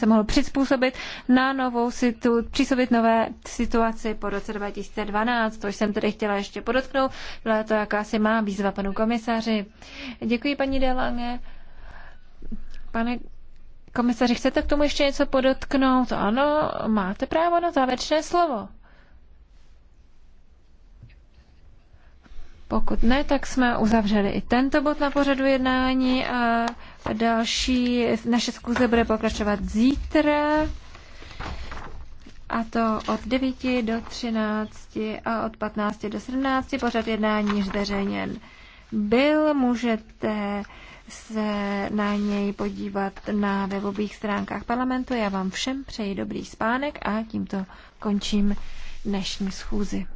se mohl přizpůsobit na novou situ, přizpůsobit nové situaci po roce 2012. To jsem tedy chtěla ještě podotknout. Byla to jakási má výzva panu komisaři. Děkuji, paní Delange. Pane komisaři, chcete k tomu ještě něco podotknout? Ano, máte právo na závěrečné slovo. Pokud ne, tak jsme uzavřeli i tento bod na pořadu jednání a Další naše zkuze bude pokračovat zítra a to od 9 do 13 a od 15 do 17. Pořad jednání zveřejněn byl. Můžete se na něj podívat na webových stránkách parlamentu. Já vám všem přeji dobrý spánek a tímto končím dnešní schůzi.